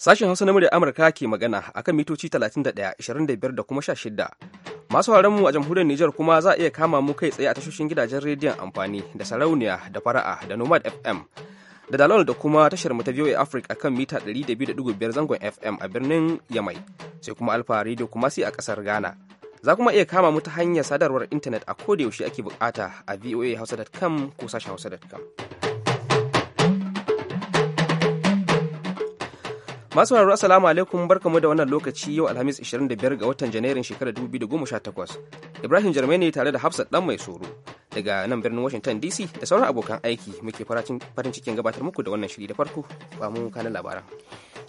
Sashen Hausa na murya Amurka ke magana a kan mitoci 31, 25 da kuma 16. Masu mu a jamhuriyar Nijar kuma za a iya kama mu kai tsaye a tashoshin gidajen rediyon amfani da sarauniya da fara'a da Nomad FM. Da dalol da kuma tashar mu ta VOA Africa kan mita 200.5 zangon FM a birnin Yamai, sai kuma Alfa Radio kuma sai a kasar Ghana. Za kuma iya kama mu ta hanyar sadarwar intanet a ko da yaushe ake bukata a voahausa.com ko sashen hausa.com. Masu sauraro assalamu alaikum barkamu da wannan lokaci yau Alhamis 25 ga watan Janairun shekarar 2018. Ibrahim Jarmai ne tare da Hafsat dan mai soro daga nan birnin washington dc da sauran abokan aiki muke farin cikin gabatar muku da wannan shiri da farko ba mu kanin labaran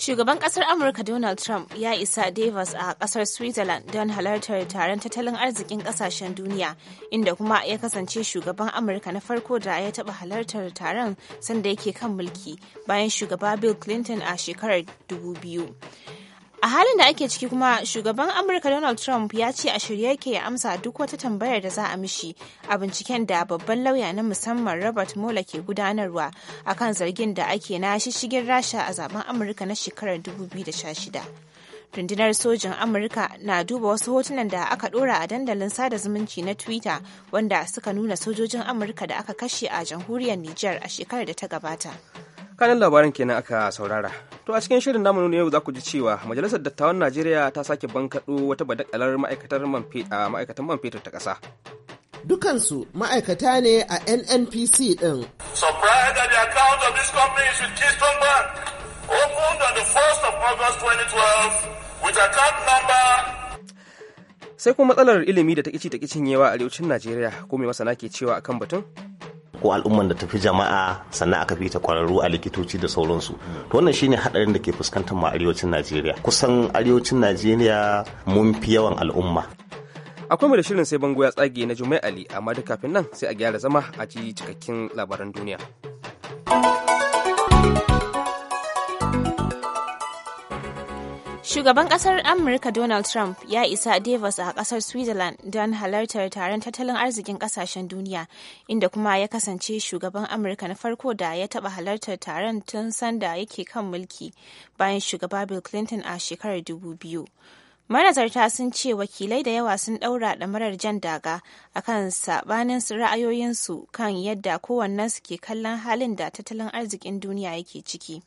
shugaban kasar amurka donald trump ya isa davos a kasar switzerland don halartar taron tattalin arzikin kasashen duniya inda kuma ya kasance shugaban amurka na farko da ya taba halartar taron sanda yake kan mulki bayan shugaba bill clinton a shekarar 2000 a halin da ake ciki kuma shugaban amurka donald trump ya ce a shirye yake ya amsa duk wata tambayar da za a mishi a binciken da babban lauya na musamman robert mueller ke gudanarwa a kan zargin da ake na shishigin rasha a zaben amurka na shekarar 2016 rundunar sojin amurka na duba wasu hotunan da aka ɗora a dandalin sada zumunci na twitter wanda suka nuna sojojin amurka da aka kashe a jamhuriyar niger a shekarar da ta gabata kanan labaran kenan aka saurara to a cikin shirin namu yau za ku ji cewa majalisar dattawan najeriya ta sake bankaɗo wata badakalar ma'aikatar ma'aikatan man fetur ta ƙasa dukansu ma'aikata ne a nnpc ɗin sai kuma matsalar ilimi da ta kici ta kicin yawa a arewacin najeriya ko mai masana ke cewa akan batun ko al'umman da tafi jama'a sannan aka fi ta kwararru a likitoci da sauransu to wannan shine hadarin da ke fuskantar mu arewacin Najeriya kusan arewacin Najeriya mun fi yawan al'umma akwai mu da shirin sai bango ya tsage na Jumai Ali amma da kafin nan sai a gyara zama a ci cikakken labaran duniya Shugaban kasar Amurka Donald Trump ya isa Davos a kasar Switzerland don halartar taron tattalin arzikin kasashen duniya, inda kuma ya kasance shugaban Amurka na farko da ya taba halartar taron tun sanda yake kan mulki bayan shugaba Bill Clinton a shekarar 2000. Manazarta sun ce wakilai da yawa sun ɗaura ɗamarar jan daga a kan saɓanin ra'ayoyinsu kan yadda kowannensu ke kallon halin da tattalin arzikin duniya yake ciki.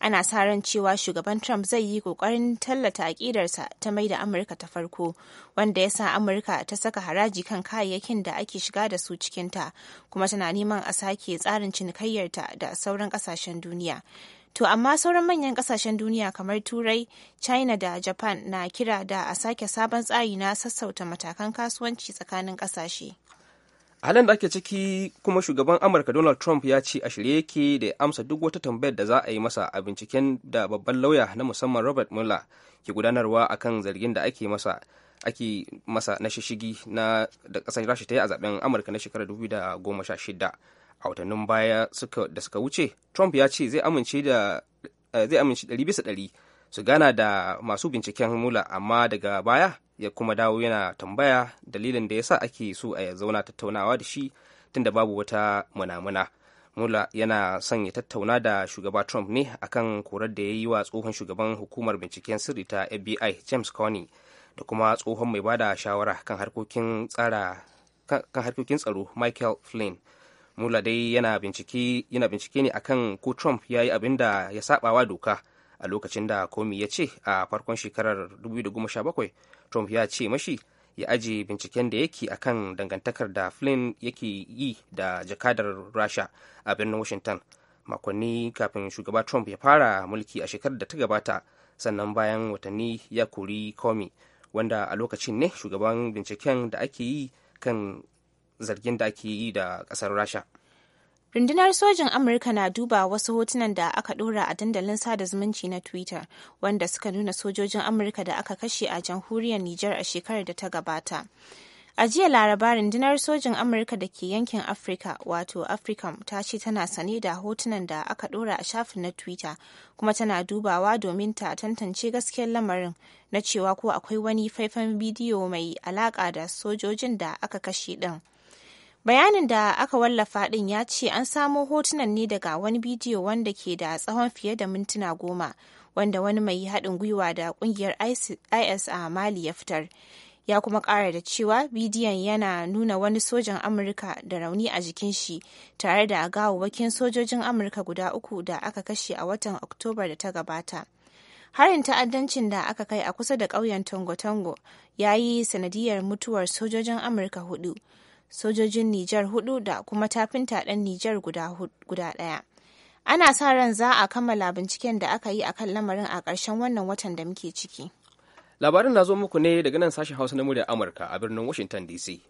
ana sa ran cewa shugaban trump zai yi kokarin tallata aƙidarsa ta mai da amurka ta farko wanda ya sa amurka ta saka haraji kan kayayyakin da ake shiga da su cikinta kuma tana neman a sake tsarin cinikayyarta da sauran kasashen duniya To amma sauran manyan kasashen duniya kamar Turai, China da Japan na kira da a sake sabon tsari na sassauta matakan kasuwanci tsakanin kasashe. halin da ake ciki kuma shugaban amurka donald trump ya ce a shirye yake da amsa duk wata tambayar da za a yi masa a binciken da babban lauya na musamman robert mueller ke gudanarwa akan zargin da ake masa ake masa na shishigi na da kasar rasha ta yi a zaben amurka na shekarar 2016 a watannin baya da suka wuce trump ya ce zai amince da 100 eh, su gana da masu binciken mula amma daga baya ya kuma dawo yana tambaya dalilin da ya sa ake so a zauna tattaunawa da shi tunda babu wata munamuna mula yana son ya tattauna da shugaba trump ne akan korar da ya yi wa tsohon shugaban hukumar binciken sirri ta fbi james coney da kuma tsohon mai bada shawara kan harkokin kan harkokin tsaro michael flynn mula dai yana bincike ne akan ko trump ya yi abin da ya sabawa doka a lokacin da komi ya ce a farkon shekarar 2017 trump ya ce mashi ya aje binciken da yake akan dangantakar da flynn yake yi da jakadar rasha a birnin washington makonni kafin shugaba trump ya fara mulki a shekarar da ta gabata sannan bayan watanni ya kori komi wanda a lokacin ne shugaban binciken da ake yi kan zargin da ake yi da kasar rasha Rundunar sojin Amurka na duba wasu hotunan da aka ɗora a dandalin sada zumunci na Twitter wanda suka nuna sojojin Amurka da aka kashe a jamhuriyar Nijar a shekarar da ta gabata. A jiya laraba rundunar sojin Amurka da ke yankin Afirka wato Africom ta ce tana sane da hotunan da aka ɗora a shafin na Twitter kuma tana dubawa domin ta tantance gaskiyar lamarin na cewa ko akwai wani faifan bidiyo mai alaƙa da sojojin da aka kashe ɗin. bayanin da aka wallafa din ya ce an samo hotunan ne daga wani bidiyo wanda ke da tsawon fiye da mintuna goma wanda wani mai haɗin gwiwa da ƙungiyar is a mali ya fitar ya kuma ƙara da cewa bidiyon yana nuna wani sojan amurka da rauni a jikin shi tare da gawawwakin sojojin amurka guda uku da aka kashe a watan oktoba da ta gabata harin ta'addancin da aka kai a kusa da ƙauyen tongo-tongo ya yi sanadiyar mutuwar sojojin amurka hudu sojojin Nijar hudu da kuma tafinta ɗan Nijar guda ɗaya. Ana sa ran za a kammala binciken da aka yi a kan lamarin a ƙarshen wannan watan da muke ciki. Labarin na zo muku ne daga nan sashen Hausa na murya Amurka a birnin Washington DC.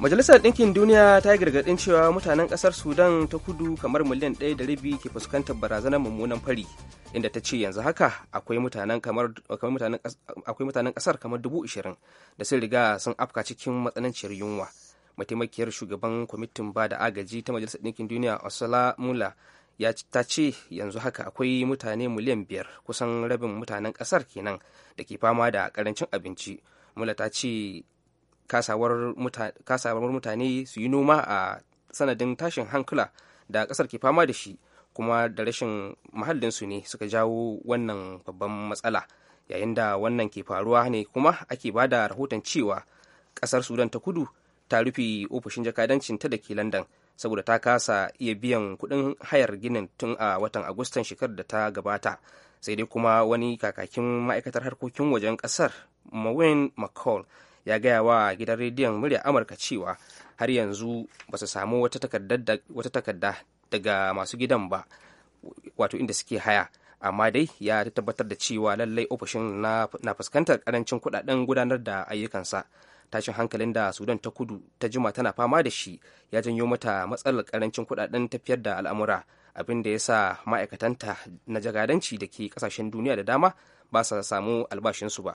majalisar ɗinkin duniya ta yi gargaɗin cewa mutanen ƙasar sudan ta kudu kamar miliyan ɗaya da rabi ke fuskantar barazanar mummunan fari inda ta ce yanzu haka akwai mutanen ƙasar kamar dubu ashirin, da sun riga sun afka cikin matsananciyar yunwa mataimakiyar shugaban kwamitin ba da agaji ta majalisar ɗinkin duniya osala mula ya ta ce yanzu haka akwai mutane miliyan biyar kusan rabin mutanen ƙasar kenan da ke fama da ƙarancin abinci mula ta ce kasawar mutane su yi noma a sanadin tashin hankula da ƙasar ke fama da shi kuma da rashin su ne suka jawo wannan babban matsala yayin da wannan ke faruwa ne kuma ake ba da rahoton cewa ƙasar sudan ta kudu ta rufe ofishin jakadancin ta da ke london saboda ta kasa iya biyan kuɗin hayar ginin tun a watan agustan shekarar da ta gabata sai dai kuma wani kakakin ma'aikatar harkokin wajen kasar mawin mccall ya gaya wa gidan rediyon murya amurka cewa har yanzu ba su samu wata takarda daga masu gidan ba wato inda suke haya amma dai ya tabbatar da cewa lallai ofishin na fuskantar karancin kudaden gudanar da ayyukansa tashin hankalin da sudan ta kudu ta jima tana fama da shi ya janyo mata matsalar karancin kudaden tafiyar da al'amura abin da ya sa ma'aikatanta na jagadanci da ke kasashen duniya da dama ba sa samu albashinsu ba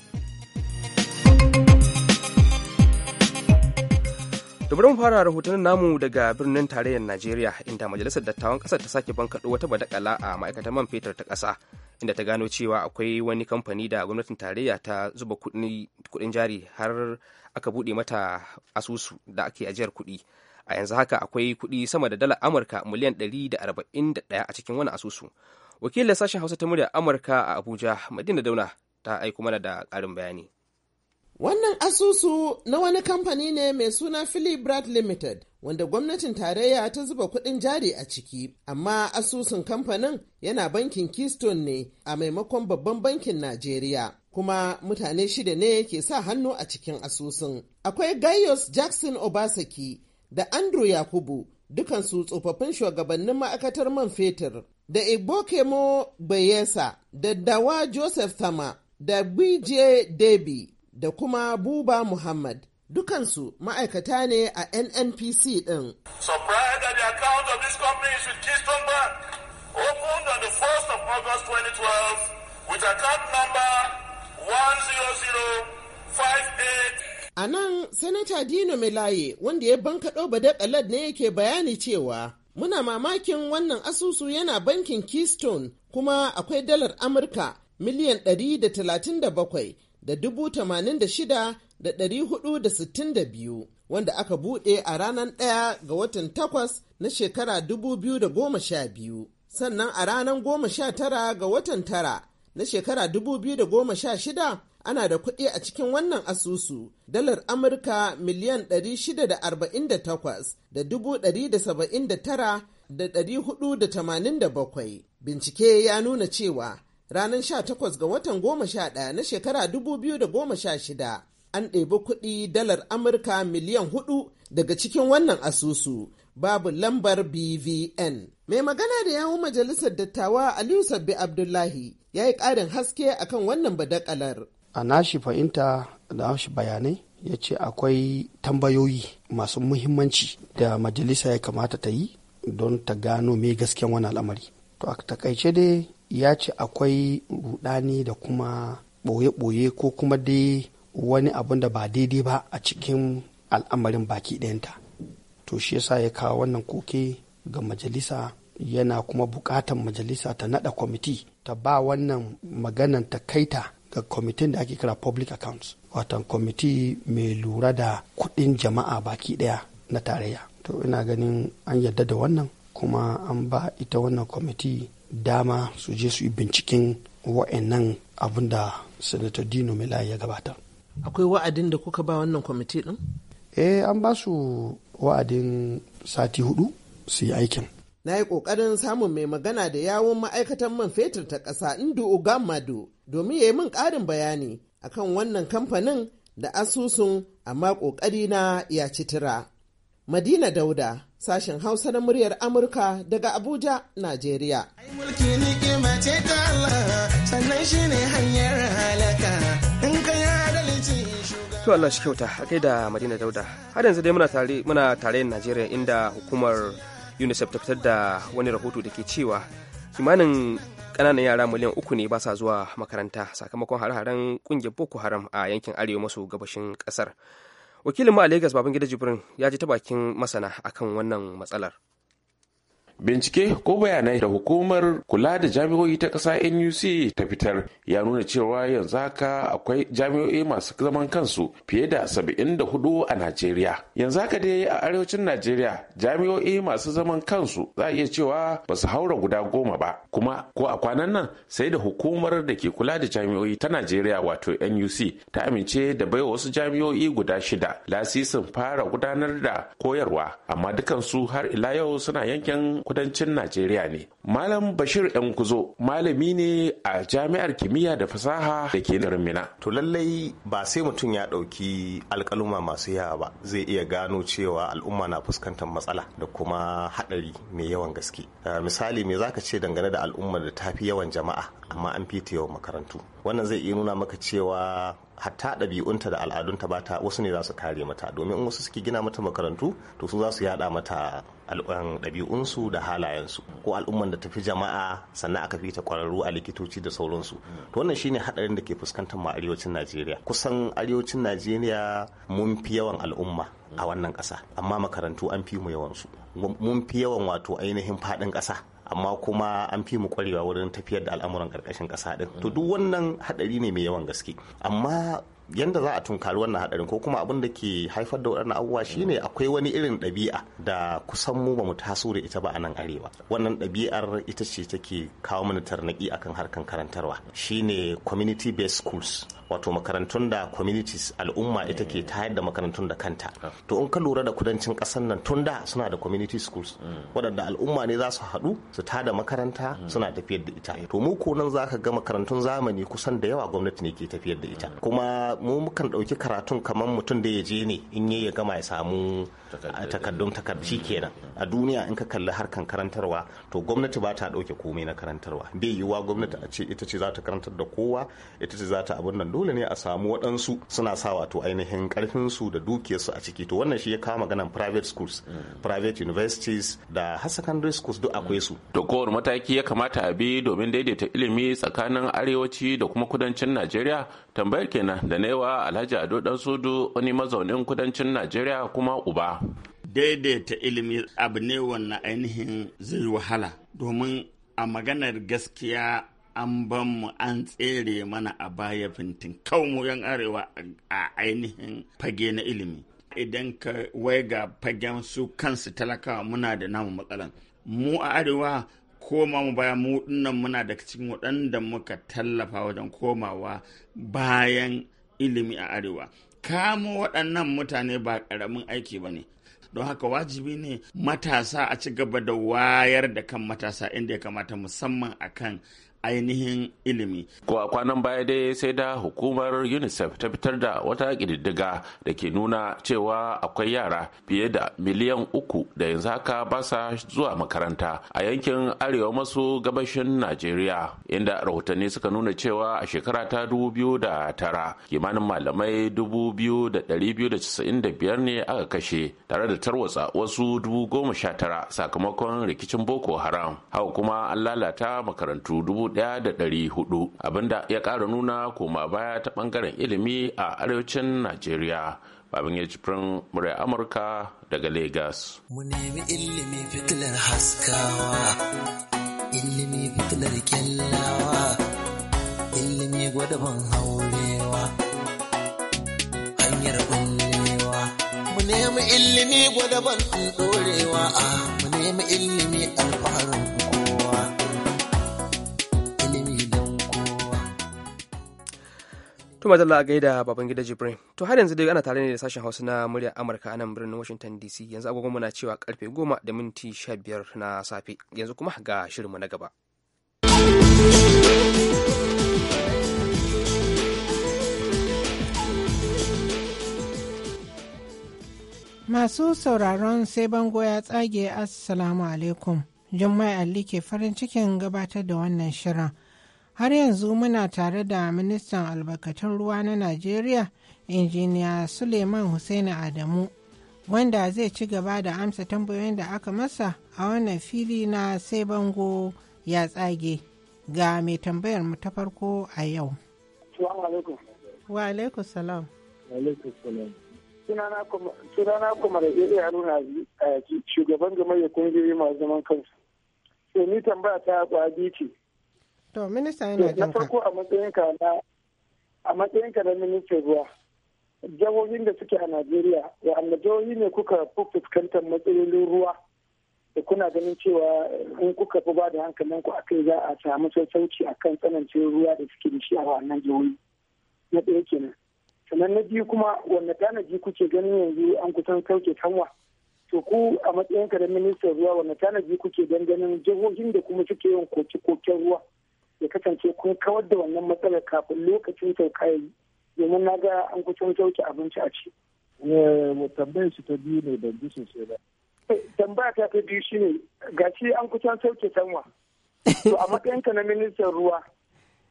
da mu fara rahoton namu daga birnin tarayyar najeriya inda majalisar dattawan kasar ta sake bankaɗo wata badakala a ma'aikatan man fetur ta kasa inda ta gano cewa akwai wani kamfani da gwamnatin tarayya ta zuba kuɗin jari har aka buɗe mata asusu da ake ajiyar kuɗi a yanzu haka akwai kuɗi sama da dala amurka miliyan ɗari da da arba'in ɗaya a cikin wani asusu wakilin sashen hausa ta murya amurka a abuja madina dauna ta aiko mana da ƙarin bayani Wannan asusu na wani kamfani ne mai suna Philip Brad Limited, wanda gwamnatin tarayya ta zuba kuɗin jari a ciki, amma asusun kamfanin yana bankin Keystone ne a maimakon babban bankin Najeriya. Kuma mutane shida ne ke sa hannu a cikin asusun. Akwai Gaius Jackson Obasaki da Andrew Yakubu, dukansu tsofaffin shugabannin ma'aikatar man fetur, da Igbokemo Bayesa, da Dawa Joseph Thama, da BJ Debi da kuma Buba Muhammad. Dukansu ma'aikata ne a NNPC ɗin. A nan, Sanata Dino Melaye, wanda ya banka bankaɗo ƙalad ne yake bayani cewa muna mamakin wannan asusu yana bankin Keystone kuma akwai dalar Amurka miliyan 137 da dubu tamanin da shida da ɗari hudu da sittin da biyu wanda aka buɗe a ranar ɗaya ga watan takwas na shekara dubu biyu da goma sha biyu sannan a ranar goma sha tara ga watan tara na shekara dubu biyu da goma sha shida ana da kuɗi a cikin wannan asusu dalar amurka miliyan 648 da 479 da bakwai. bincike ya nuna cewa ranar 18 ga watan 11 na shekara 2016 an ɗebi kuɗi dalar Amurka miliyan huɗu daga cikin wannan asusu babu lambar BVN. Mai magana da yawun majalisar dattawa Aliyu Sabbi Abdullahi ya yi ƙarin haske akan wannan badakalar. A nashi fahimta da nashi bayanai ya ce akwai tambayoyi masu muhimmanci da majalisa ya kamata ta yi don ta gano mai gasken wani al'amari. To a takaice dai ya ce akwai rudani da kuma ɓoye-ɓoye ko kuma dai wani abun da ba daidai ba a cikin al'amarin baki ɗayanta to shi yasa ya kawo wannan koke ga majalisa yana kuma buƙatan majalisa ta naɗa kwamiti ta ba wannan maganan ta kaita ga kwamitin da ake kira public accounts watan kwamiti mai lura da kuɗin jama'a baki ɗaya na tarayya to ina ganin an yarda da wannan kuma an ba ita wannan kwamiti dama su je su yi binciken wa'annan abin da senator dino mila ya gabatar akwai wa'adin da kuka ba wannan kwamiti din eh an ba su wa'adin sati hudu su yi aikin na yi ƙoƙarin samun mai magana da yawon ma'aikatan man fetur ta ƙasa indu ogamado domin ya yi min ƙarin bayani akan wannan kamfanin da asusun amma ƙoƙari na ya citira madina dauda Sashen Hausa na muryar Amurka daga Abuja, Najeriya. ce ta Allah, sannan shi ne To Allah shi kyauta, a kai da Madina Dauda. Har yanzu dai muna tare muna nigeria Najeriya inda hukumar UNICEF ta fitar da wani rahoto da ke cewa kimanin kananan yara miliyan uku ne ba sa zuwa makaranta sakamakon har haren kungiyar Boko Haram a yankin arewa maso gabashin kasar. wakilin mu a lagos babangida jibrin ya ji ta bakin masana akan wannan matsalar bincike ko bayanai da hukumar kula da jami'o'i ta ƙasa nuc ta fitar ya nuna cewa yanzu haka akwai jami'o'i masu zaman kansu fiye da saba'in da hudu a najeriya yanzu haka dai a arewacin najeriya jami'o'i masu zaman kansu za a iya cewa ba su haura guda goma ba kuma ko a kwanan nan sai da hukumar da ke kula da jami'o'i ta najeriya wato nuc ta amince da baiwa wasu jami'o'i guda shida lasisin fara gudanar da koyarwa amma dukansu har ila yau suna yankin kudancin najeriya ne malam bashir Yankuzo malami ne a jami'ar kimiyya da fasaha da ke garin mina to lallai ba sai mutum ya ɗauki alƙaluma masu yawa ba zai iya gano cewa al'umma na fuskantar matsala da kuma haɗari mai yawan gaske ah, misali me zaka ce dangane da al'ummar da ta fi yawan jama'a amma an fi yawan makarantu wannan zai iya nuna maka cewa hatta ɗabi'unta da al'adunta ba ta wasu ne za su kare mata domin in wasu suke gina mata makarantu to su za su yada mata um, ɗabi'unsu da halayensu ko al'umman da tafi jama'a sannan aka fita kwararru a likitoci da sauransu to wannan shine hadarin da ke fuskantar mu arewacin Najeriya kusan arewacin Najeriya mun fi yawan al'umma a wannan ƙasa amma makarantu an fi mu yawansu mun fi yawan wato ainihin faɗin ƙasa amma kuma an fi mu kwarewa wurin tafiyar da al'amuran karkashin kasa din to duk wannan hadari ne mai yawan gaske amma yanda za a tunkari wannan hadarin ko kuma abin da ke haifar da waɗannan abubuwa shine akwai wani irin ɗabi'a da kusan mu ba mu taso da ita ba a nan arewa wannan ɗabi'ar ita ce take kawo mana tarnaki akan harkan karantarwa shine community based schools wato makarantun da communities al'umma ita ke tayar da makarantun da kanta to in ka lura da kudancin ƙasar nan tun da suna da community schools waɗanda al'umma ne za su haɗu su ta da makaranta suna tafiyar da ita to mu ko nan za ka ga makarantun zamani kusan da yawa gwamnati ne ke tafiyar da ita kuma mu mukan ɗauki karatun kamar mutum da ya je ne in ya gama ya samu takardun takarci kenan a duniya in ka kalli harkan karantarwa to gwamnati ba ta ɗauke komai na karantarwa bai yiwuwa gwamnati a ce ita ce za ta karantar da kowa ita ce za ta abin nan dole ne a samu waɗansu suna sa wato ainihin ƙarfinsu da dukiyarsu a ciki to wannan shi ya kawo maganan private schools mm. private universities da har secondary schools duk akwai su to kowane mataki ya kamata a bi domin daidaita ilimi tsakanin arewaci da kuma kudancin najeriya tambayar kenan da newa alhaji ado dan sudu wani mazaunin kudancin najeriya kuma uba daidaita ilimi abu ne wannan ainihin zai wahala domin a maganar gaskiya an ban mu an tsere mana a baya fintin mu yan arewa a ainihin fage na ilimi idan ka ga fagen su kansu talakawa muna da namu matsalan mu a arewa koma mu baya mu dinnan muna da cikin waɗanda muka tallafa wajen komawa bayan ilimi a arewa kamo waɗannan mutane ba ƙaramin aiki ba ne don haka wajibi ne matasa a ci gaba da wayar da kan matasa inda ya kamata musamman akan ainihin ilimi. Ko kwanan baya dai sai da hukumar UNICEF ta fitar da wata ƙididdiga da ke nuna cewa akwai yara fiye da miliyan uku da yanzu haka ba sa zuwa makaranta a yankin arewa masu gabashin Najeriya inda rahotanni suka nuna cewa a shekara ta tara kimanin malamai biyar ne aka kashe tare da tarwatsa wasu dubu goma sha tara sakamakon rikicin Boko Haram. Haka kuma an lalata makarantu dubu 1,400 abinda ya ƙara nuna koma baya ta ɓangaren ilimi a arewacin najeriya babin ya firin murya amurka daga lagos mu nemi ilimi fitilar haskawa ilimi fitilar kyallawa ilimi gwadaban haurewa hanyar bullewa mu nemi ilimi gwadaban dorewa ah, mu nemi ilimi alfaharin to madalla a gaida baban gida jibrin to har yanzu dai ana tare ne da sashen hausa na murya amurka a nan birnin washington dc yanzu agogon muna cewa karfe goma da minti sha biyar na safe yanzu kuma ga shirinmu na gaba Masu sauraron sai bango ya tsage Assalamu alaikum. Jummai Ali ke farin cikin gabatar da wannan shirin. har yanzu muna tare da ministan albarkatun ruwa na najeriya injiniya suleiman hussaini adamu wanda zai ci gaba da amsa tambayoyin da aka masa a wannan fili na sai bango ya tsage ga mai tambayar mu ta farko a yau wa salam sunana kuma da iya haruna a eh, shugaban gamayyar kungiyoyi masu zaman kansu ni tambaya ta kwaji ce To minista yana jin Na farko a matsayinka na a matsayinka na ministan ruwa. Jihohin da suke a Najeriya wa'anda jihohi ne kuka fi fuskantar matsalolin ruwa da kuna ganin cewa in kuka fi ba da hankalinku a kai za a samu sassauci a kan tsanancin ruwa da suke da shi a wannan jihohi. Na ɗaya kenan. Sannan na biyu kuma wanne tanaji kuke ganin yanzu an kusan sauke kanwa. to ku a matsayinka da ministan ruwa wanne tanaji kuke don ganin jihohin da kuma suke yin koke-koken ruwa ya kasance kun kawar da wannan matsalar kafin lokacin sauka kayayi domin na ga an kusan sauke abinci a ci. Eh, tambayar shi ta biyu ne ban ji sosai ba. Eh, tambaya ta ta biyu shi ne ga shi an kusan sauke tanwa. To a matsayinka na ministan ruwa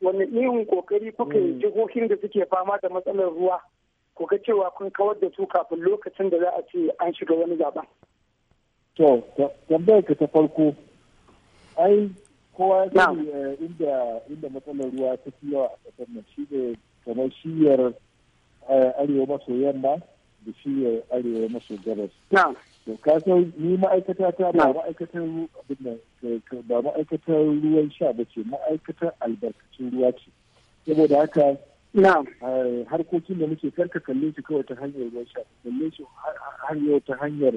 wani ihun kokari kuka yi hmm. jihohin da suke fama da matsalar ruwa ko ka cewa kun kawar da su kafin lokacin da za a ce an shiga wani zaben. To tambayar ka ta farko ai kowa ya eh, inda inda matsalar ruwa ta fi yawa a ƙasar nan shi ne kamar shiyar eh, arewa maso yamma da shiyar arewa maso gabas to ka san ni ma'aikata ta ba ma'aikatar eh, ba ma'aikatar ruwan sha ba ce ma'aikatar albarkacin ruwa ce saboda haka harkokin da muke karka kalle shi kawai ta hanyar ruwan sha kalle shi har yau ta hanyar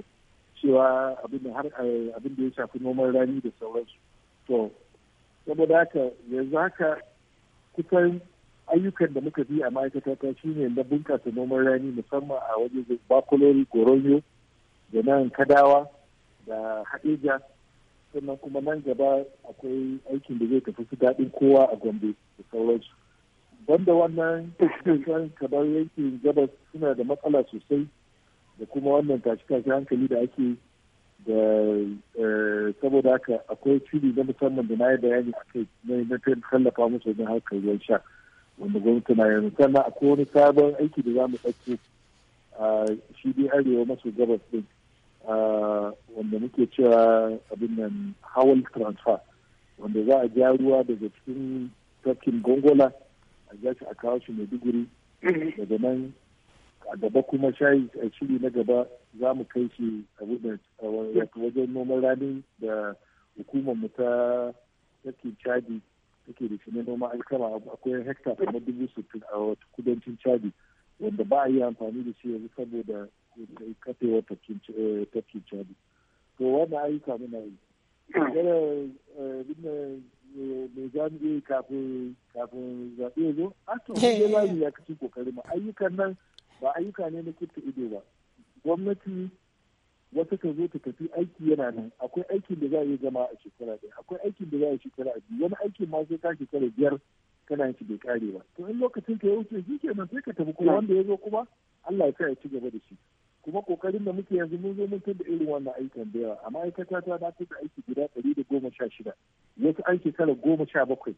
cewa abin da ya shafi noman rani da sauransu to saboda haka yanzu haka kusan ayyukan da muka bi a ma'aikata ta shine na bunƙasa noman rani musamman a waje bakulori goronyo da nan kadawa da haɗeja sannan kuma nan gaba akwai aikin da zai tafi su daɗin kowa a gombe da sauransu banda wannan kusan kamar yankin gabas suna da matsala sosai da kuma wannan tashi-tashi hankali da ake da eh, saboda haka akwai cibi na musamman da na yi bayani a kai na tallafa musu wajen harkar ruwan sha wanda gwamnati na yanzu sannan akwai wani sabon aiki da za mu ɗauke a shi dai arewa maso gabas din wanda muke cewa abin nan hawal transfer wanda za a ja ruwa daga cikin tafkin gongola a ja shi a kawo shi maiduguri daga nan a gaba kuma shayi a shiri na gaba za mu kai shi a wajen noman rani da hukumar mu ta take chadi take da shi noma noman alkama akwai hekta kuma dubu sittin a wata kudancin chadi wanda ba a yi amfani da shi yanzu saboda kafewa tafkin eh, chadi to wannan ayyuka muna yi mai eh, eh, jami'i kafin zaɓe zo a ah, to ya yi ya kaci kokari ayyukan nan ba ayyuka ne na kirka ido ba gwamnati wata ta zo ta tafi aiki yana nan akwai aikin da za a yi zama a shekara ɗaya akwai aikin da za a yi shekara a biyu wani aikin ma sai ka shekara biyar kana yin bai kare ba to in lokacin ka ya wuce shi nan sai ka tafi kuma wanda ya zo kuma Allah ya sa ya ci gaba da shi kuma kokarin da muke yanzu mun zo mun da irin wannan aikin da yawa a ma'aikata ta na da aiki guda ɗari da goma sha shida wasu an shekara goma sha bakwai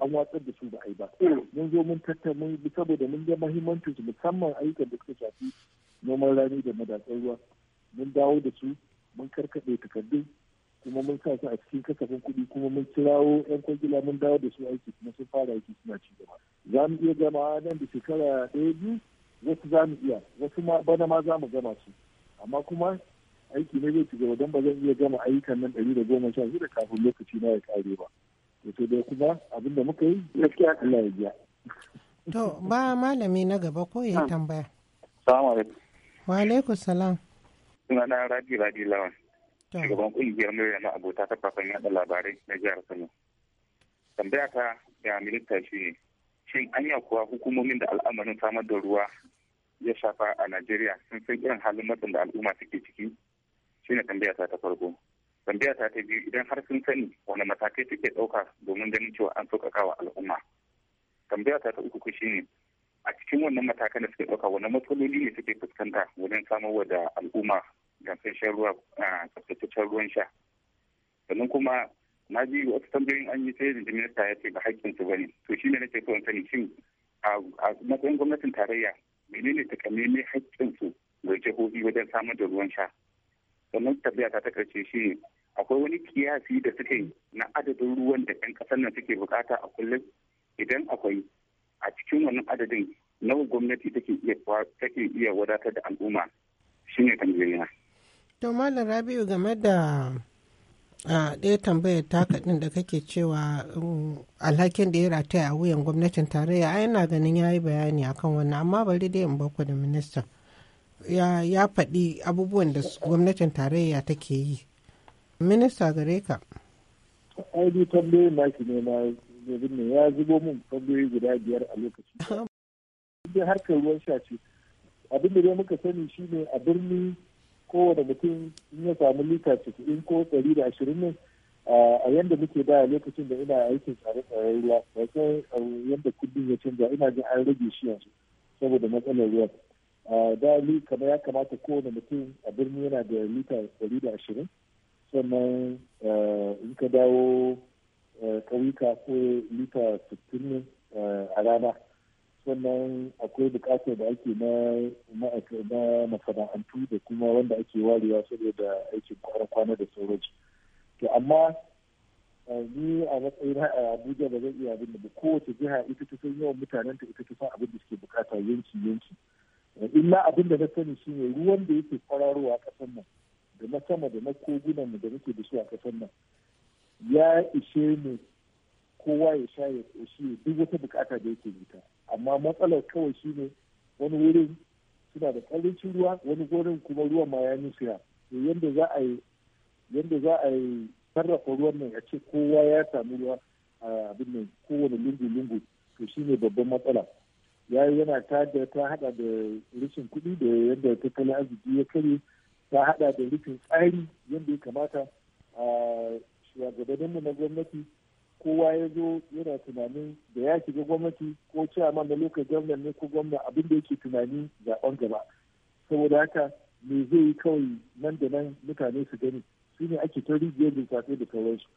an watsar da su ba a yi ba mun zo mun tattauna mun saboda mun ga mahimmancin su musamman ayyukan da suka shafi noman rani da madatsar ruwa mun dawo da su mun karkaɗe takardu kuma mun sa su a cikin kasafin kuɗi kuma mun kirawo 'yan kwangila mun dawo da su aiki kuma sun fara aiki suna ci gaba za mu iya gama nan da shekara ɗaya biyu wasu za mu iya wasu ma bana ma za mu gama su amma kuma aiki ne zai ci gaba don ba zan iya gama ayyukan nan ɗari da goma sha shida kafin lokaci na ya ƙare ba to dai kuma abin muka yi gaskiya Allah ya ba malami na gaba ko ya ah. tambaya salamu alaikum wa alaikum salam sunana radi-radi lawan shugaban kungiyar murya na abota ta kafin yada labarai na jihar kano tambaya ta ya milita shi ne shin anya kuwa hukumomin da al'amarin samar da ruwa ya shafa a najeriya sun san irin halin matsin da al'umma suke ciki shine tambaya ta ta farko tambaya ta ta biyu idan har sun sani wani matakai suke ɗauka domin ganin cewa an sauƙaƙa wa al'umma tambaya ta ta uku ne a cikin wannan matakan da suke ɗauka wani matsaloli ne suke fuskanta wajen samar wa da al'umma gamsasshen ruwa tsaftataccen ruwan sha sannan kuma na ji wasu tambayoyin an yi sai da minista ya ce ba haƙƙinsu ba ne to shi ne nake so in sani shin a matsayin gwamnatin tarayya menene takamaimai su ga jihohi wajen samar da ruwan sha sannan tafiya ta ta karshe shi akwai wani kiyasi da suke na adadin ruwan da 'yan ƙasar nan suke bukata a kullum idan akwai a cikin wannan adadin nawa gwamnati take iya wadatar da al'umma shine tambayoyina. To Malam Rabi'u game da a ɗaya tambayar taka ɗin da kake cewa um, alhakin da ya rataya a wuyan gwamnatin tarayya ai yana ganin ya yi bayani akan wannan amma bari dai in baku da ministan. ya faɗi abubuwan da gwamnatin tarayya take yi minista gare ka ainihin tambayoyin naki ne na zobin ne ya zubo min tambayoyi guda biyar a lokaci dai harkar ruwan sha ce abin da muka sani shine a birni kowane mutum in ya samu lita casa'in ko ɗari da ashirin ne a yadda muke da lokacin da ina aikin tsare-tsaren ruwa ba sai yadda kudin ya canza ina jin an rage shi yanzu saboda matsalar ruwa da kamar ya kamata kowane mutum a birni yana da lita 120 da ashirin sannan eh, in ka dawo kawika eh, ko lita sittin eh, a rana sannan akwai bukatar da ake na masana'antu da kuma wanda ake warewa saboda aikin kwana da sauransu to amma ni a matsayin a abuja ba zai iya abin da kowace jiha ita ta san yawan mutanenta ita ta san abin da suke bukata yanki yanki illa abin da na sani shi ne ruwan da yake kwararowa ƙasar nan da na sama da na kogunan mu da muke da su a ƙasar nan ya ishe mu kowa ya sha ya ƙoshi duk wata bukata da yake da amma matsalar kawai shi ne wani wurin suna da ƙarancin ruwa wani wurin kuma ruwan ma ya nufiya yadda za a yadda za a yi sarrafa ruwan nan a ce kowa ya samu ruwa a abin nan kowane lungu-lungu to shi ne babban matsala ya yi yana ta da ta hada da rashin kuɗi da yadda tattalin arziki ya kare ta hada da rufin tsari yadda ya kamata a shugabanninmu na gwamnati kowa ya zo yana tunanin da ya shiga gwamnati ko ciyaman na lokacin gwamnan ne ko gwamna abin da yake tunani zaɓen gaba saboda haka me zai yi kawai nan da nan mutane su gani su ne ake ta rijiyar lissafi da sauransu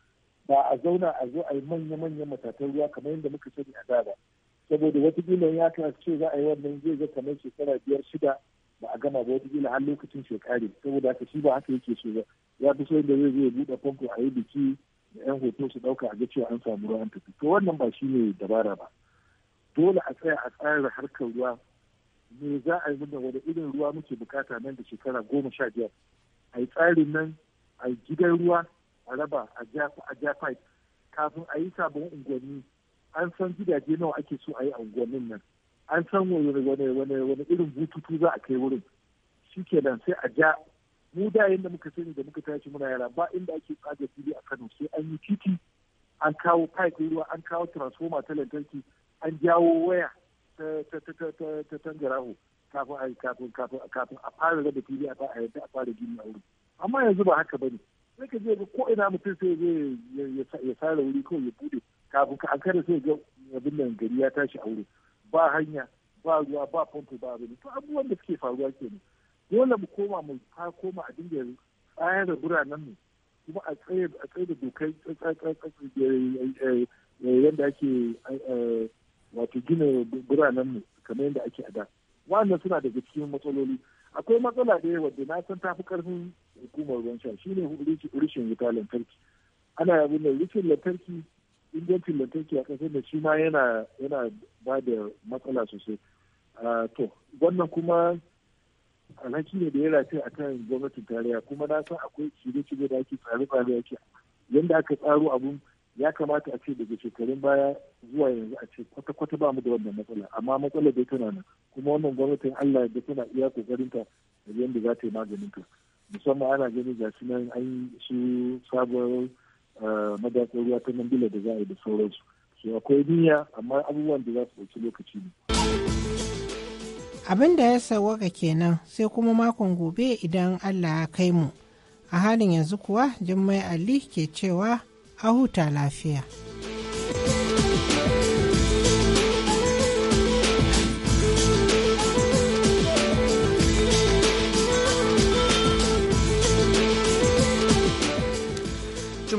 ba a zauna a zo a yi manya-manyan matatan ruwa kamar yadda muka sani a da ba saboda watakila ya ta ce za a yi wannan zai ga kamar shekara biyar shida ba a gama ba watakila har lokacin shekari saboda haka shi ba haka yake so ba ya fi so da zai zai buɗe fanko a yi biki da yan hoto su ɗauka a ga cewa an samu ruwa an tafi to wannan ba shi ne dabara ba dole a tsaya a tsara harkar ruwa me za a yi mana wani irin ruwa muke bukata nan da shekara goma sha biyar a yi tsarin nan a yi gidan ruwa a raba a jafa a jafa kafin a yi sabon unguwanni an san gidaje nawa ake so a yi unguwannin nan an san wani irin bututu za a kai wurin shi kenan sai a ja mu da yadda muka sani da muka tashi muna yara ba inda ake tsaga fili a kano sai an yi titi an kawo pipe ruwa an kawo transformer ta lantarki an jawo waya ta tangaraho kafin a kafin kafin kafin a fara raba fili a fara a fara gini a wurin amma yanzu ba haka bane sai ka je ko ina mutum sai zai ya sare wuri kawai ya bude kafin ka kada sai ga abin nan gari ya tashi aure. ba hanya ba ruwa ba famfo ba abin to abubuwan da suke faruwa ke kenan dole mu koma mu ta koma a dinga tsayar biranen mu kuma a tsaye a tsaye da dokai yadda ake wato gina buranan mu kamar yadda ake a da wannan suna daga cikin matsaloli akwai matsala da yawa da na san ta karfin hukumar ruwan sha shine rishin wuta lantarki ana yabin da rishin lantarki ingancin lantarki a kasar da shi ma yana ba da matsala sosai to wannan kuma alhaki ne da ya rafi a kan gwamnatin tarayya kuma na san akwai shirye-shirye da ake tsare-tsare ake yadda aka tsaro abun ya kamata a ce daga shekarun baya zuwa yanzu a ce kwata-kwata ba mu da wannan matsala amma matsalar dai tana nan kuma wannan gwamnatin Allah da tana iya kokarin ta da yadda za ta yi maganin ta musamman ana ganin ga nan an su sabuwar madatsar ruwa ta mambila da za a yi da sauransu so akwai niyya amma abubuwan da za su ɗauki lokaci ne. abin da ya sawaka kenan sai kuma makon gobe idan allah ya kai mu a halin yanzu kuwa jummai ali ke cewa a huta lafiya.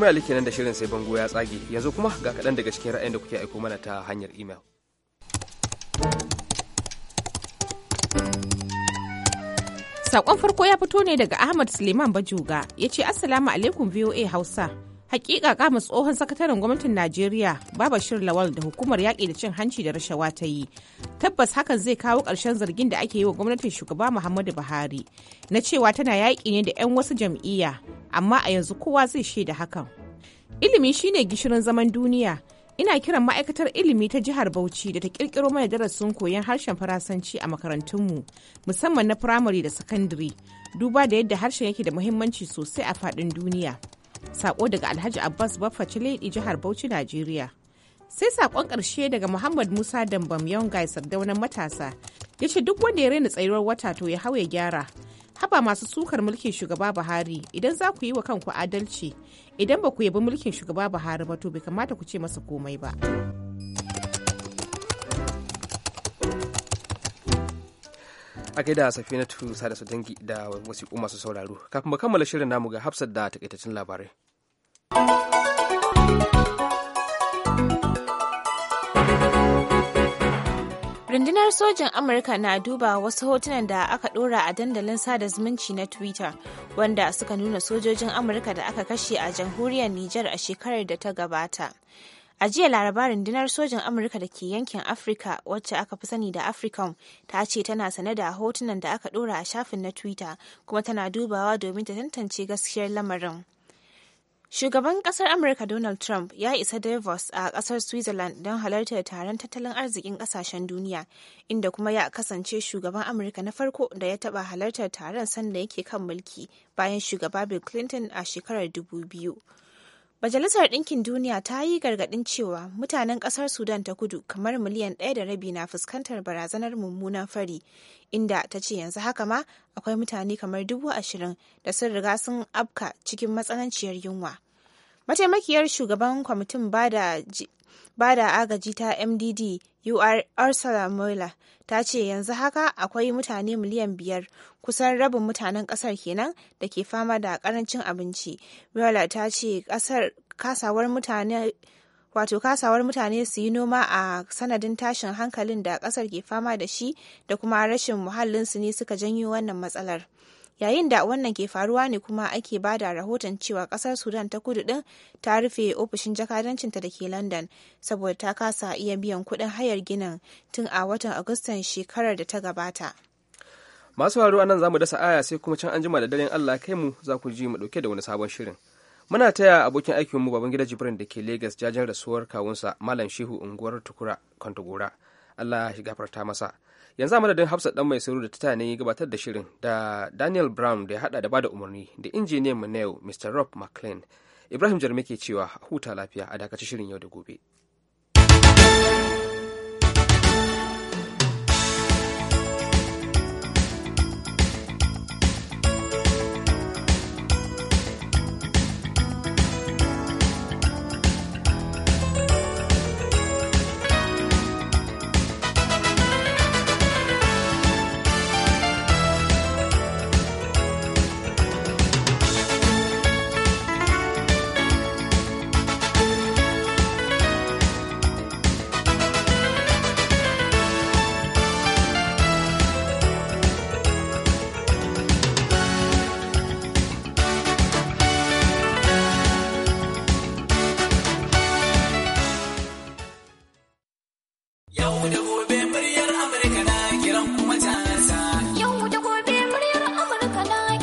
Jummai Ali kenan da shirin sai bango ya tsage. Yanzu kuma ga kaɗan daga cikin ra'ayin da kuke aiko mana ta hanyar email. saƙon farko ya fito ne daga Ahmad Suleiman Bajuga ya ce Assalamu alaikum VOA Hausa. Hakika kama tsohon sakataren gwamnatin Najeriya shirin Lawal da hukumar yaƙi da cin hanci da rashawa ta yi. Tabbas hakan zai kawo ƙarshen zargin da ake yi wa gwamnatin shugaba Muhammadu Buhari na cewa tana yaƙi ne da 'yan wasu jam'iyya amma a yanzu kowa zai shaida hakan. Ilimi shine gishirin zaman duniya. Ina kiran ma'aikatar ilimi ta jihar Bauchi da ta kirkiro mana darasin koyon harshen Faransanci a makarantunmu, musamman na firamare da sakandare, duba da yadda harshen yake da muhimmanci sosai a faɗin duniya. Sako daga Alhaji Abbas Baffa Ciledi jihar Bauchi, Najeriya. sai sakon ƙarshe daga muhammad musa dambam yongai sardaunan matasa ya duk wanda ya raina tsayuwar wata to ya hau ya gyara haba masu sukar mulkin shugaba buhari idan za ku yi wa kanku adalci idan ba ku yabi mulkin shugaba buhari ba to bai kamata ku ce masa komai ba a gaida safinatu sada su dangi da wasiƙu masu sauraro kafin mu kammala shirin namu ga hafsat da takaitaccen labarai rundunar sojin amurka na duba wasu hotunan da aka ɗora a dandalin sada zumunci na twitter wanda suka nuna sojojin amurka da aka kashe a jamhuriyar nijar a shekarar da ta gabata a jiya laraba rundunar sojin amurka da ke yankin afirka wacce aka fi sani da africom ta ce tana sane da hotunan da aka dora a shafin na twitter kuma tana dubawa domin ta tantance gaskiyar lamarin Shugaban kasar Amurka Donald Trump ya isa Davos a kasar Switzerland don halartar taron tattalin arzikin kasashen duniya, inda kuma ya kasance shugaban Amurka na farko da ya taba halartar taron sanda yake kan mulki bayan shugaba Bill Clinton a shekarar 2000. Majalisar dinkin Duniya ta yi gargadin cewa mutanen kasar Sudan ta kudu kamar miliyan ɗaya da rabi na fuskantar barazanar mummunan fari, inda ta ce yanzu haka ma akwai mutane kamar dubu ashirin da sun riga sun afka cikin matsananciyar yunwa. mataimakiyar shugaban kwamitin ba da agaji ta mdd ur ursula mueller ta ce yanzu haka akwai mutane miliyan biyar kusan rabin mutanen kasar kenan da ke fama da karancin abinci mueller ta ce kasar kasawar mutane wato kasawar mutane su yi noma a sanadin tashin hankalin da kasar ke fama da shi da kuma rashin muhallinsu ne suka janyo wannan matsalar yayin da wannan ke faruwa ne kuma ake ba da rahoton cewa kasar sudan ta kudu din ta rufe ofishin jakadancinta da ke london saboda ta kasa iya biyan kuɗin hayar ginin tun a watan agustan shekarar da ta gabata masu nan anan zamu dasa aya sai kuma can anjima da daren allah kai mu za ku ji mu dauke da wani sabon shirin muna taya abokin aikin mu baban gida jibrin da ke lagos jajen rasuwar kawunsa malam shehu unguwar tukura kwantagora allah ya gafarta masa yanzu a madadin hafsa dan mai sauro da ta ne gabatar da shirin da daniel brown da ya hada da bada umarni da injiniyan mu na yau mr rob mclean ibrahim jarme ke cewa huta lafiya a dakacin shirin yau da gobe